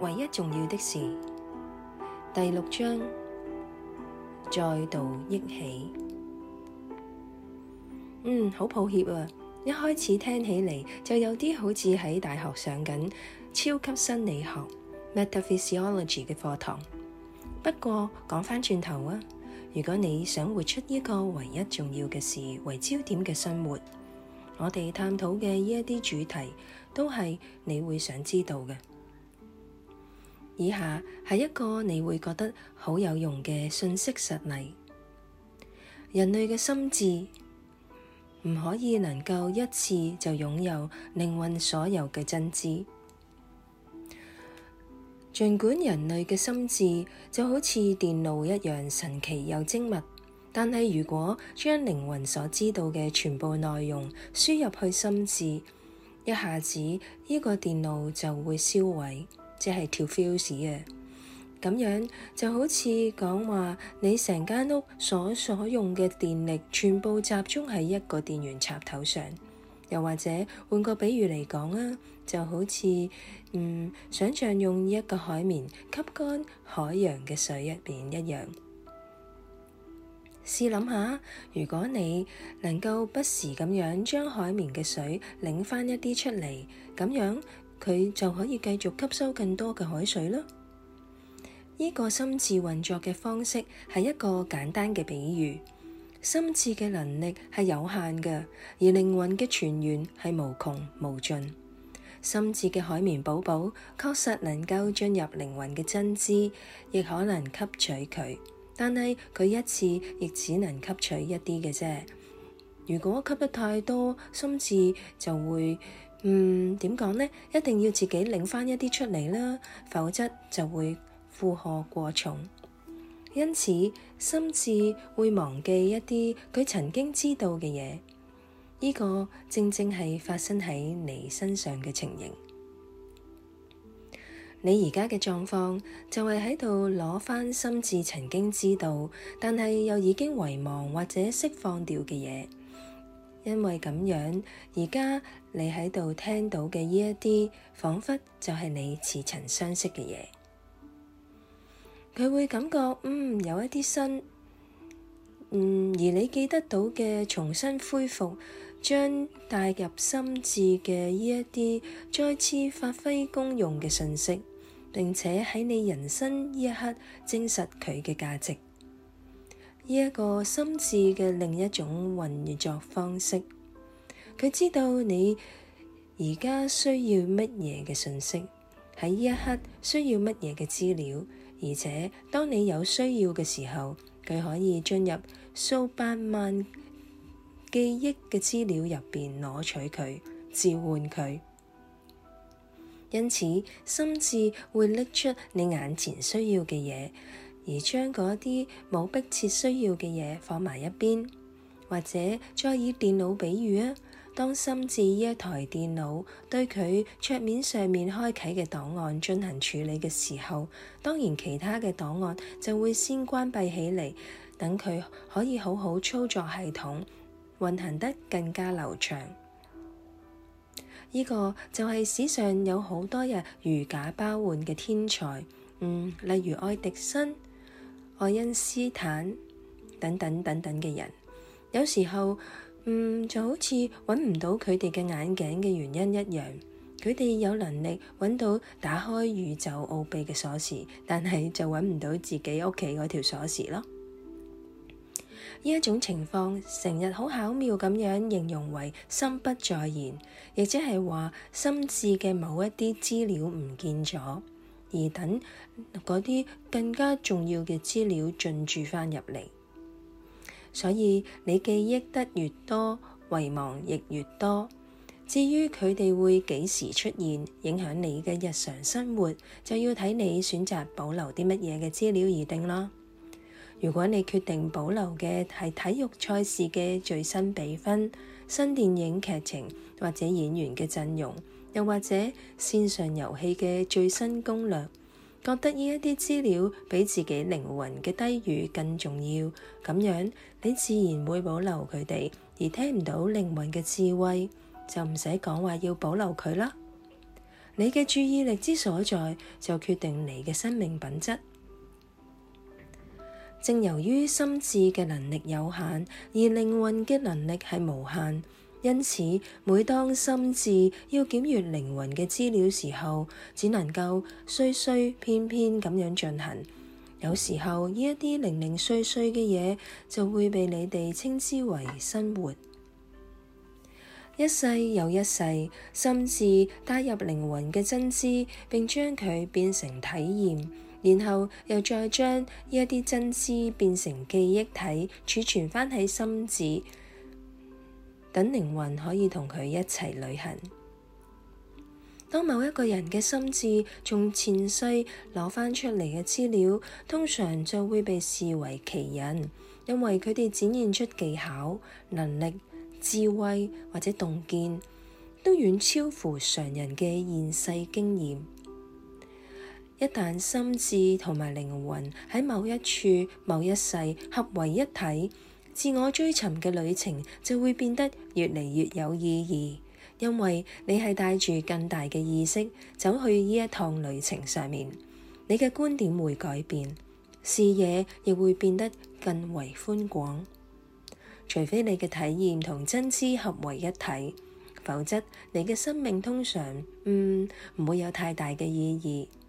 唯一重要的事，第六章再度憶起。嗯，好抱歉啊，一開始聽起嚟就有啲好似喺大學上緊超級心理學 metaphysiology 嘅課堂。不過講翻轉頭啊，如果你想活出一個唯一重要嘅事為焦點嘅生活，我哋探討嘅呢一啲主題都係你會想知道嘅。以下係一個你會覺得好有用嘅信息實例。人類嘅心智唔可以能夠一次就擁有靈魂所有嘅真知。儘管人類嘅心智就好似電腦一樣神奇又精密，但係如果將靈魂所知道嘅全部內容輸入去心智，一下子呢個電腦就會燒毀。即係條 fuse 啊！咁樣就好似講話你成間屋所所用嘅電力，全部集中喺一個電源插頭上。又或者換個比喻嚟講啊，就好似嗯，想象用一個海綿吸乾海洋嘅水入邊一樣。試諗下，如果你能夠不時咁樣將海綿嘅水擰翻一啲出嚟，咁樣。佢就可以繼續吸收更多嘅海水咯。呢、這個心智運作嘅方式係一個簡單嘅比喻。心智嘅能力係有限嘅，而靈魂嘅泉源係無窮無盡。心智嘅海綿寶寶確實能夠進入靈魂嘅真知，亦可能吸取佢，但係佢一次亦只能吸取一啲嘅啫。如果吸得太多，心智就會。嗯，點講呢？一定要自己領翻一啲出嚟啦，否則就會負荷過重，因此心智會忘記一啲佢曾經知道嘅嘢。呢、呢個正正係發生喺你身上嘅情形。你而家嘅狀況就係喺度攞翻心智曾經知道，但係又已經遺忘或者釋放掉嘅嘢。因為咁樣，而家你喺度聽到嘅呢一啲，仿佛就係你似曾相識嘅嘢。佢會感覺，嗯，有一啲新，嗯，而你記得到嘅重新恢復，將帶入心智嘅呢一啲，再次發揮功用嘅信息，並且喺你人生呢一刻，證實佢嘅價值。呢一個心智嘅另一種運作方式，佢知道你而家需要乜嘢嘅信息，喺呢一刻需要乜嘢嘅資料，而且當你有需要嘅時候，佢可以進入數百萬記憶嘅資料入邊攞取佢，召喚佢。因此，心智會拎出你眼前需要嘅嘢。而將嗰啲冇迫切需要嘅嘢，放埋一邊，或者再以電腦比喻啊，當心智呢一台電腦對佢桌面上面開啟嘅檔案進行處理嘅時候，當然其他嘅檔案就會先關閉起嚟，等佢可以好好操作系統，運行得更加流暢。呢個就係史上有好多日如假包換嘅天才，嗯，例如愛迪生。愛因斯坦等等等等嘅人，有時候嗯就好似搵唔到佢哋嘅眼鏡嘅原因一樣，佢哋有能力搵到打開宇宙奧秘嘅鎖匙，但係就搵唔到自己屋企嗰條鎖匙咯。呢一種情況，成日好巧妙咁樣形容為心不在焉，亦即係話心智嘅某一啲資料唔見咗。而等嗰啲更加重要嘅資料進駐翻入嚟，所以你記憶得越多，遺忘亦越多。至於佢哋會幾時出現，影響你嘅日常生活，就要睇你選擇保留啲乜嘢嘅資料而定啦。如果你決定保留嘅係體育賽事嘅最新比分、新電影劇情或者演員嘅陣容。又或者線上遊戲嘅最新攻略，覺得呢一啲資料比自己靈魂嘅低語更重要，咁樣你自然會保留佢哋，而聽唔到靈魂嘅智慧，就唔使講話要保留佢啦。你嘅注意力之所在，就決定你嘅生命品質。正由於心智嘅能力有限，而靈魂嘅能力係無限。因此，每當心智要檢閱靈魂嘅資料時候，只能夠碎碎片片咁樣進行。有時候呢一啲零零碎碎嘅嘢，就會被你哋稱之為生活。一世又一世，心智帶入靈魂嘅真知，並將佢變成體驗，然後又再將呢一啲真知變成記憶體儲存翻喺心智，等靈魂可以同佢一齊旅行。當某一個人嘅心智從前世攞翻出嚟嘅資料，通常就會被視為奇人，因為佢哋展現出技巧、能力、智慧或者洞見，都遠超乎常人嘅現世經驗。一旦心智同埋靈魂喺某一處、某一世合為一體。自我追尋嘅旅程就會變得越嚟越有意義，因為你係帶住更大嘅意識走去呢一趟旅程上面，你嘅觀點會改變，視野亦會變得更為寬廣。除非你嘅體驗同真知合為一體，否則你嘅生命通常，嗯，唔會有太大嘅意義。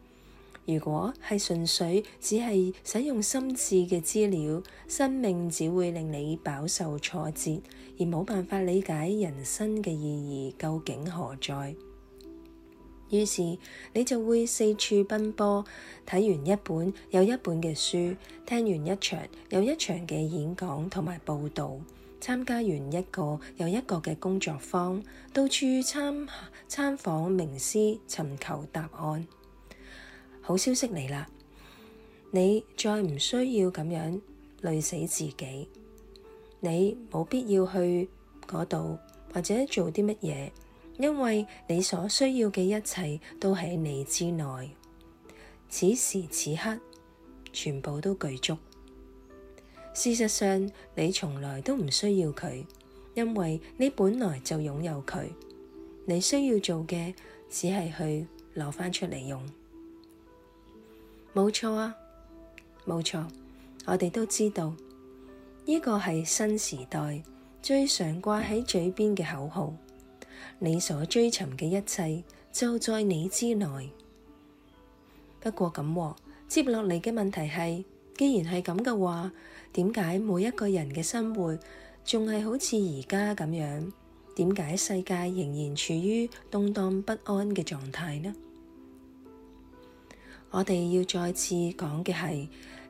如果係純粹只係使用心智嘅資料，生命只會令你飽受挫折，而冇辦法理解人生嘅意義究竟何在。於是你就會四處奔波，睇完一本又一本嘅書，聽完一場又一場嘅演講同埋報道，參加完一個又一個嘅工作坊，到處參參訪名師，尋求答案。好消息嚟啦！你再唔需要咁樣累死自己，你冇必要去嗰度或者做啲乜嘢，因為你所需要嘅一切都喺你之內。此時此刻，全部都具足。事實上，你從來都唔需要佢，因為你本來就擁有佢。你需要做嘅只係去攞翻出嚟用。冇錯啊，冇錯，我哋都知道呢個係新時代最常掛喺嘴邊嘅口號。你所追尋嘅一切就在你之內。不過咁喔，接落嚟嘅問題係，既然係咁嘅話，點解每一個人嘅生活仲係好似而家咁樣？點解世界仍然處於動盪不安嘅狀態呢？我哋要再次講嘅係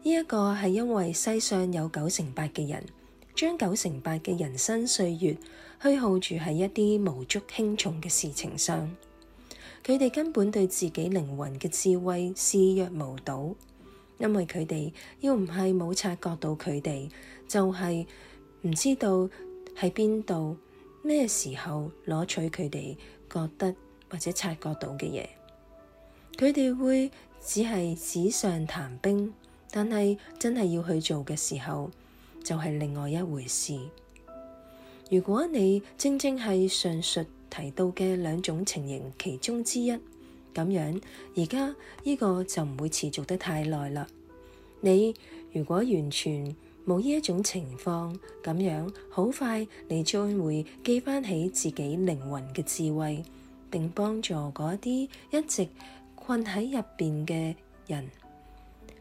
呢一個係因為世上有九成八嘅人，將九成八嘅人生歲月虛耗住喺一啲無足輕重嘅事情上，佢哋根本對自己靈魂嘅智慧視若無睹，因為佢哋要唔係冇察覺到佢哋，就係唔知道喺邊度、咩時候攞取佢哋覺得或者察覺到嘅嘢，佢哋會。只係紙上談兵，但係真係要去做嘅時候，就係另外一回事。如果你正正係上述提到嘅兩種情形其中之一，咁樣而家呢個就唔會持續得太耐啦。你如果完全冇呢一種情況，咁樣好快你將會記翻起自己靈魂嘅智慧，並幫助嗰啲一直。困喺入邊嘅人，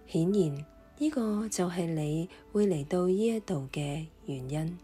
顯然呢個就係你會嚟到呢一度嘅原因。